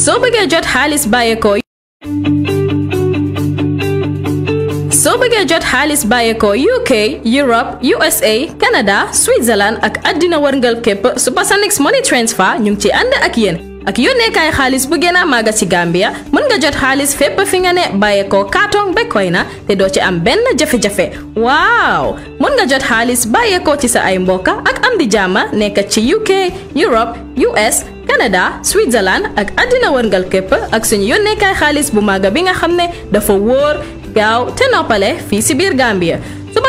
soo bëggee jot xaalis bàyyeekoo soo bëggee jot xaalis bàyyeekoo UK Europe USA Canada Switzerland ak àddina wërngal képp su Supersonix Money Transfer ñu ngi ci ànd ak yéen ak yónneekaay xaalis bu gën a màgg ci Gambia mën nga jot xaalis fépp fi nga ne bàyyeekoo Kartong ba na te doo ci am benn jafe-jafe waaw mën nga jot xaalis bàyyeekoo ci sa ay mbokka ak am di jàmma nekkat ci UK Europe US Canada Switzerland ak àddina wërngal képp ak suñu yónneekaay xaalis bu màgg bi nga xam ne dafa wóor gaaw te noppale fii si biir Gambia.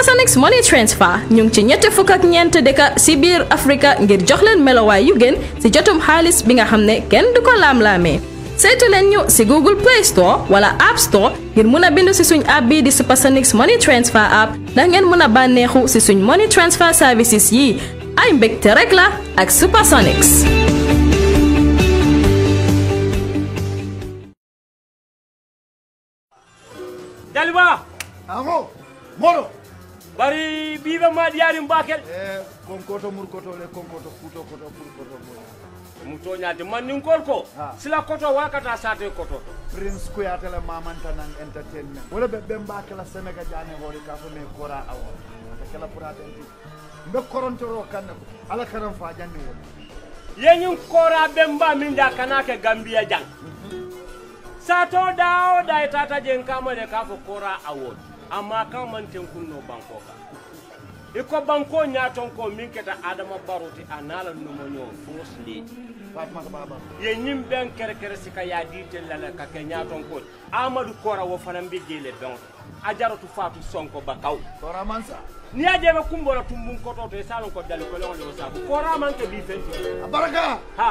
Supersonics Money Transfer ñu ci ñett fuk ak ñent deka ci biir Afrika ngir jox leen melowa yu gën ci jottum xaaliss bi nga xamne kenn duko lam lamé laamee leen ñu ci Google Play Store wala App Store ngir mëna bind ci suñu app bi di Supersonics Money Transfer app da ngeen mëna a ci suñu money transfer services yi ay mbégte rek la ak Supersonics. Daliba. Ago, Moro. bari biɓe ma ɗiyari mbakel e eh, konkoto murkotole konkoto fuuto koto purkoto mo toñade manninkol ko sila koto wakata sate koto to prince kuyatele mamantanan entertainment wala ɓe ɓe mba kala sénéga diane hoore ka fo mais kora awo ata kala poratenti mbe korontoro kanne ko ala karan fa janni won yeñin kora ɓe mba min da kanake gambiya jang sato dawo da e tata jen kamone ka fo kora awon amma kan man ten kunno banko ka iko banko nyaton ko min keta adama baroti anala numo nyo fosli ye ñim ben kere kere sika ya dite la ka ke nyaton ko amadu kora wo fanan be gele don a jarotu fatu sonko bakaw kora sa. ni a jebe kumbola tumbun kototo e salon ko dal ko longo sa kora man ke bi fenti baraka ha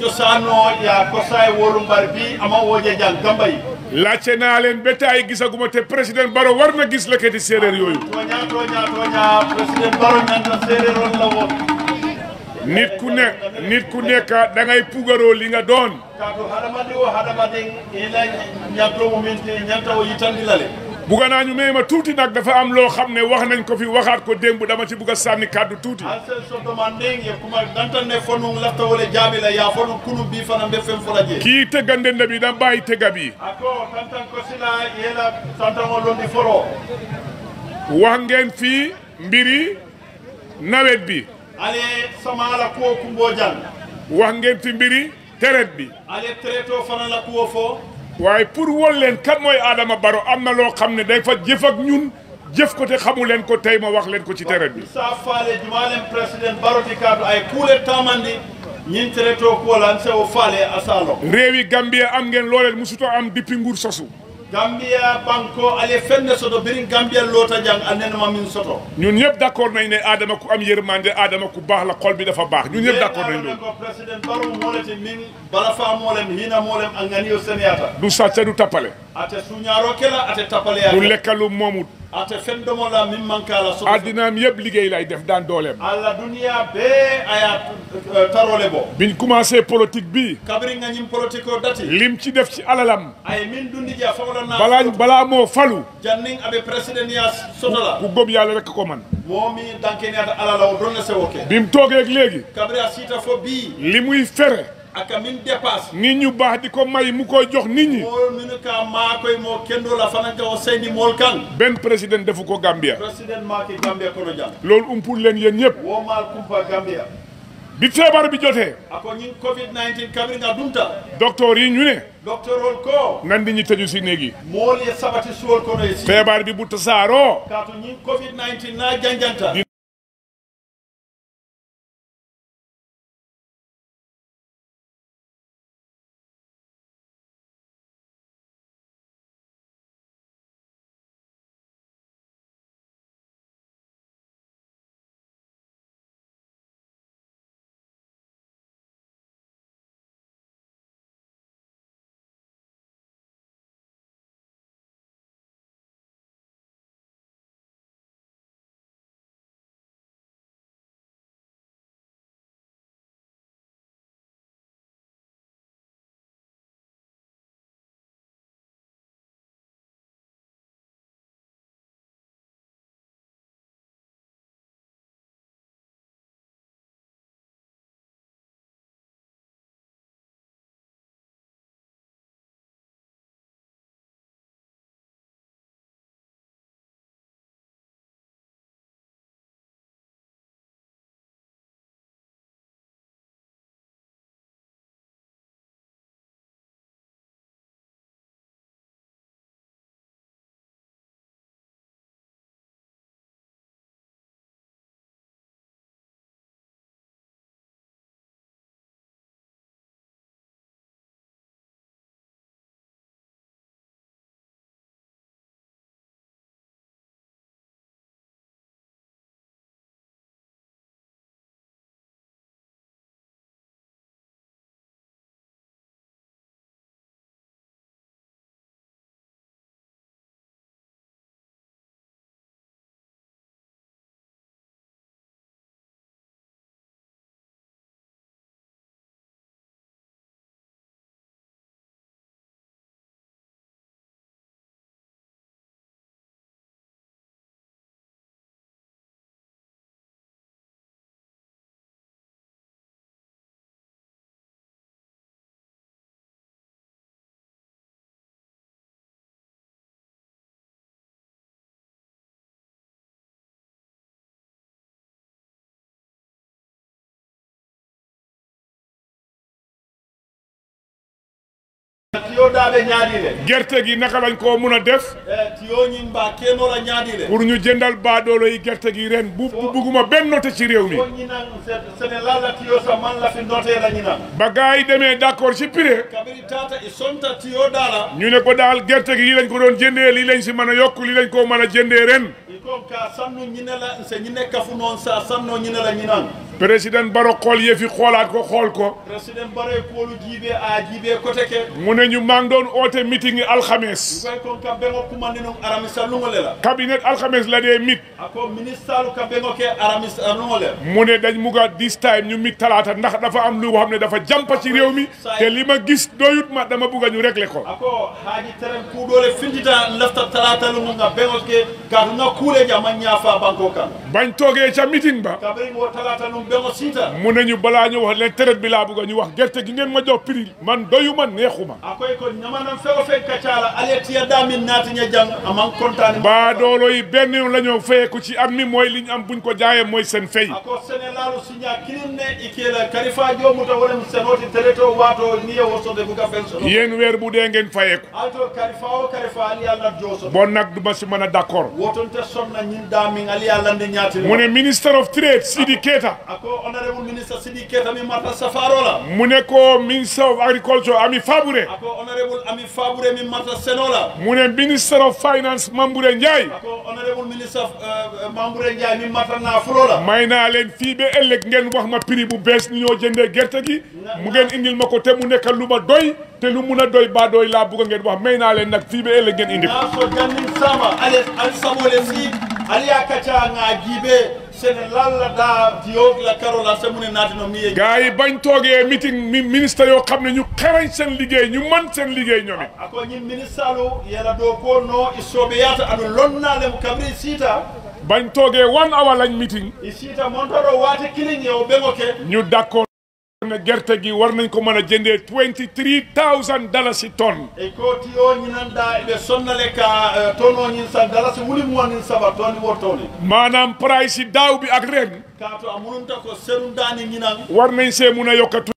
cosaanno ya naa leen ba tey gisaguma te président Barrow war gis lekkati séeréer yooyu tooña nit ku nekk nit ku li nga doon bugga naa ñu may ma tuuti nag dafa am loo xam ne wax nañ ko fi waxaat ko démb dama ci bugg a sànni kàddu tuuti kii tëgga ndenda bi dam bàyyi tëgga bi wax ngeen fii mbiri nawet bi ale sama la kuwo kumboo jàng wax ngeen fi mbiri teret bi ale teretoo fana la kuwo fo waaye pour wol leen kan mooy Adama Baro am na loo xam ne day fa jëf ak ñun jëf ko te xamu leen ko tey ma wax leen ko ci terrain bi saa faale jumalen président baroti kadu ay kuule tamandi ñin tere to kuolan se o faale asalo réewi Gambie am ngeen looleen musuto am depuis nguur sosu gambia banko ale fenne soto birin gambia lota jang anen ma min soto ñun ñep d'accord nañ ne adama ku am yermande adama ku baax la xol bi dafa baax ñun ñep d'accord nañ lool ko president baro molete min bala fa molem hina molem angani yo seniata du sacca du tapale ate suñaro kala ate tapale ya du lekalu momut ate fen domo la min mankala so addinaam yëpp liggéey lay def daan dooleem alla duniya bee aya euh, tarole bo biñ commencé politique bi kabri a ñim politique dati lim ci def ci alalam ay min dundi ja fawla na balaa balaa moo falu janning abe président ya sotala ku gëm yàlla rek ko man moo mi danke ne ata alala o doon na se woke bi mu toogee léegi kabri a siita fo bii li muy fere aka min dépasse nit baax di ko may mu koy jox nit ñi mool minu ka maa koy moo kendo la fana ka o seyndi mool kan benn président defu ko Gambia président maa ki Gambia kono umpul leen yéen ñëpp woo maal kumpa bi feebar bi jotee ako ñin covid 19 kabir nga dumta docteur yi ñu ne docteur ol ko nan di ñu tëju si néegi mool ye sabati suwol kono ye si feebar bi bu tasaaroo kaatu ñin covid 19 naa janjanta gerte gi naka lañ koo mun a def. Eh, pour ñu jëndal baadoolo yi gerte gi ren bu bugguma benn note ci réew mi. ba gars yi demee d' accord ci prix. ñu ne ko daal gerte gi lii lañ ko doon jëndee lii lañ si mën a yokk lii lañ koo mën a jëndee ren. président Baro xool yëfi xoolaat ko xool ko. président Baro koolu jiibe a jiibe kote ke. mu ne ñu maa ngi doon oote meeting yi alxames. ñu koy kon la. cabinet alxames la dee mit. ako ministre ka bengo ke mu ne dañ mu ga this ñu mit talaata ndax dafa am lu xam ne dafa jàmpa ci réew mi. te li ma gis doyut ma dama buga ñu régler ko. ako haaji terem ku doole mu ne ñu balaa ñu wax leen traite bi laa ñu wax gerte gi ngeen ma jox prix man doyu ma neexuma akoy kon ñamanan fewo fen kacala aletiya damin naatiña jang aman kontaan baa doolo yi benn yoon la ci am mi mooy li ñu am buñ ko jaayee mooy seen fay ako sene laalu siña kilin ne ikeela kalifa joomuta wolem senoti tereto waato ni yo wosode weer bu dee ngeen fayeku alto o kalifa ali allah jooso bon nag du ma si mën a d'accord wotonte sonna ñin damin ali allah mu ne ministre of trade Sidi mu ne ko ministre of agriculture Ami Fabure mu ne ministre of finance Mambure Ndiaye eh, may naa leen fii ba ëllëg ngeen wax ma prix bu bees ni ñoo gerte gi mu ngeen indil ma ko te mu nekk lu ma doy te lu mun a doy ba doy laa bëgg ngeen wax may naa leen nag fii ba ëllëg ngeen indi aliya kaca nga jibe sene lalla da diog la karola se mune natino mi yi bañ toge meeting ministre yo xamne ñu xarañ sen liggey ñu man sen liggey ñomi ako ñi ministre lo yela do ko no isobe yata adu lonna le kabri sita bañ toge one hour lañ meeting isita montoro wate kilin yow bengoke ñu dakko na gerte gi war nañ ko mën a jëndee twenty three thousand dalasi tonne e gooti o ñinannda eɓe sonnale ka euh, tonne o ñin san dalasi wuli monin saba toni wortowle maanaam price yi daaw bi ak ren kato a mununta ko serundani ñinan war nañ see mun a yokkatu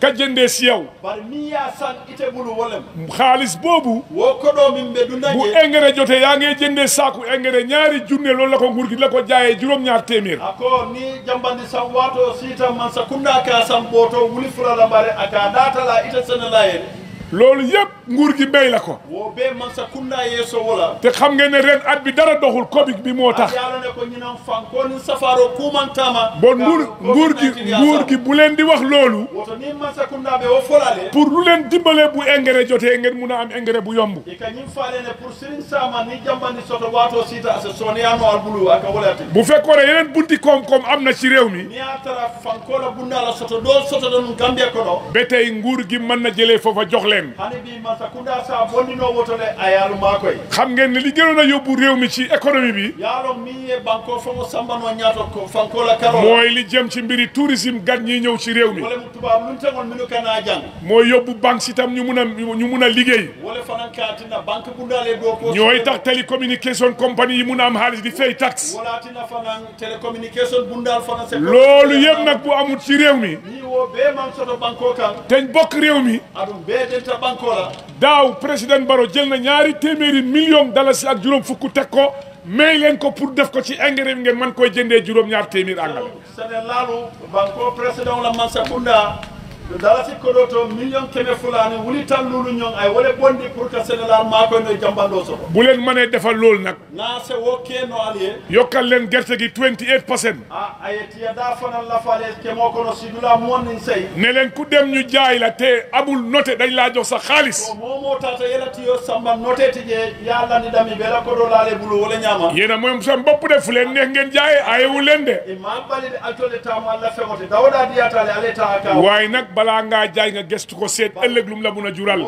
ka jëndee si yow xaalis boobu bu engrais jotee yaa ngi jëndee saaku engrais ñaari junne loolu la ko nguur gi la ko jaayee juróom-ñaar téeméer ako ni jambandi sam waato siitan man sa kunna ka sam ɓooto wuli fura la bare aka naatala ita sene layen loolu yëpp nguur gi béy la ko wo be man sa kunda yeeso wala te xam ngeen ne ren at bi dara doxul covid bi moo tax yàlla ne ko ñinam fankoon safaro kumantama bon nguur nguur gi nguur gi bu leen di wax loolu woto ni man sa kunda pour lu leen dimbalee bu engrais jotee ngeen mun a am engrais bu yomb i ka ñim faale ne pour Serigne Sama ni jambandi bu fekkoon ne bunti koom-koom am na ci réew mi ni a tara fankoo la bunda la soto doo soto doon nguur gi mën na jëlee foofa jox leen leen xam ngeen ne li gënoon a yóbbu réew mi ci économie bi mooy li jëm ci mbiri tourisme gan ñi ñëw ci réew mi mooy yóbbu banque si tam ñu mun a a liggéey ñooy tax télécommunication compagnie yi mun a am xaalis di fay taxe loolu yëpp nag bu amul ci réew teñ bokk réew ta bankola daaw président Baro jël na ñaari téeméeri dalla si ak juróom fukk teg ko may leen ko pour def ko ci engrais bi ngeen man koy jëndee juróom ñaar téeméer engrais sene laalu banko président la man dalati koɗoto million keme fulani wulitan lulu ñon ay wole bondi pour que sénégal makoy no jambando soto bu leen mënee defal loolu nag na se wokke no alie yokkal leen gerte gi 28 percent a ah, ayetiya da fanal lafale kemo kono sidula mon nin sey ne leen ku ñu jaay la te abul noté dañ laa jox sa xaalis momo tata yelati yo samba noté ti je yalla ni dami bela ko do laale bulu wala ñama yena moom sam bopp fu leen neex ngeen balaa ngaa jaay nga gestu ko seet ëllëg lum la mun a jural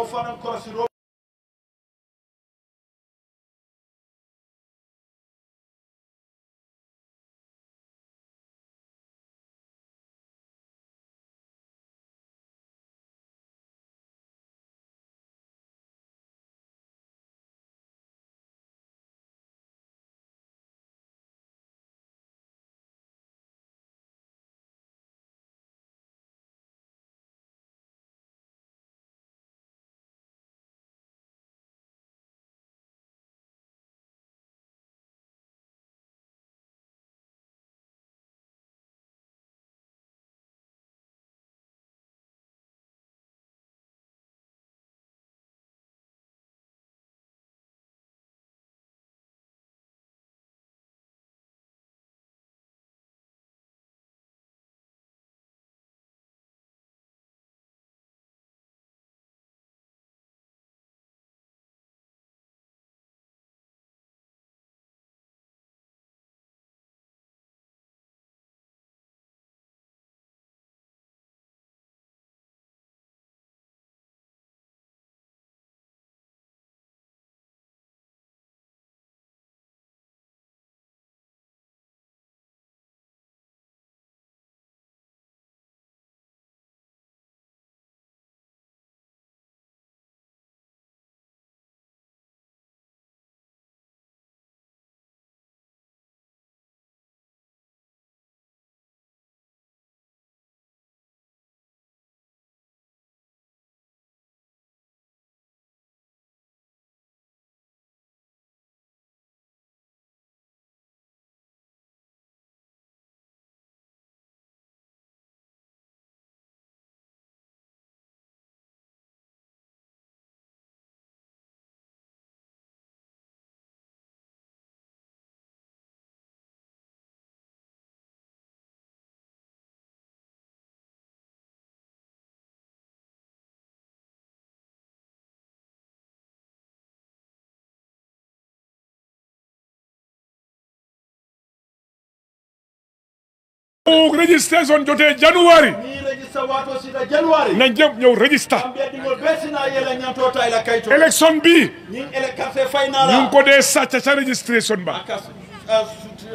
o registration jotee januari ni registre wato sita januari na jëm ñëw registre am beddingol besina yela ñanto tayla kayto élection bi ñing ele carte ñu ko dee sàcc sa registration ba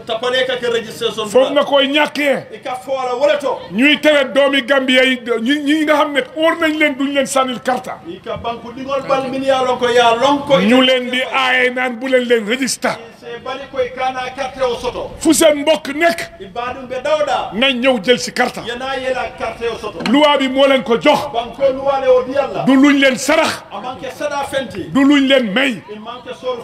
tapaleka ke koy ñàkkee ñuy tere doomi Gambia yi ñi nga xam ne óor nañ leen duñ leen sànnil i ka ko yaa ñu leen di aaye naan bu leen leen ɓe mbaɗi koye kana o soto fu sen mbokk nekk ɓe mbaɗum ɓe nañ ñëw jël si carte yana yela carte o soto loi bi moo ko jox banko loi le o diyalla du luñ leen sarax a manque saɗa fenti du luñ leen may il manque sooru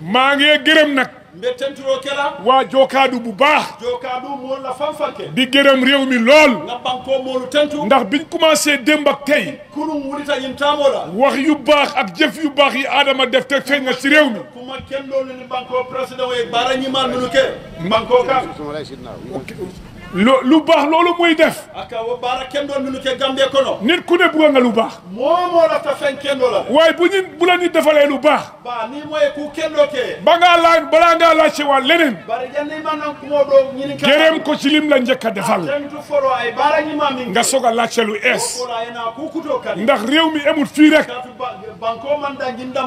maa ngi gërëm nag mbettentiro kela waa jookaadu bu baax jookaadu mool la fanfanke di gërëm réew mi lool nga bankoo moolu tentu ndax biñ commencé démb ak tey kunum wulita ñin taamoo la wax yu baax ak jëf yu baax yi aadama def te feeñ na si réew mi kuma kenn loolu ni bankoo président ye baara ñimaan munu ke bankoo ka lo lu baax loolu muy def aka wo baara kendoo minu ke Gambie kono nit ku ne bëgg nga lu baax moo moo la ta fen kendoo la waaye bu ñu bu la defalee lu baax ba ni mooy ba ngaa laaj balaa ngaa laaj ci waa leneen bari janni ko ci la njëkk a defal tentu foro ay baara ñi ma min nga soog a laajte lu ees ndax réew mi emut fii rek banko man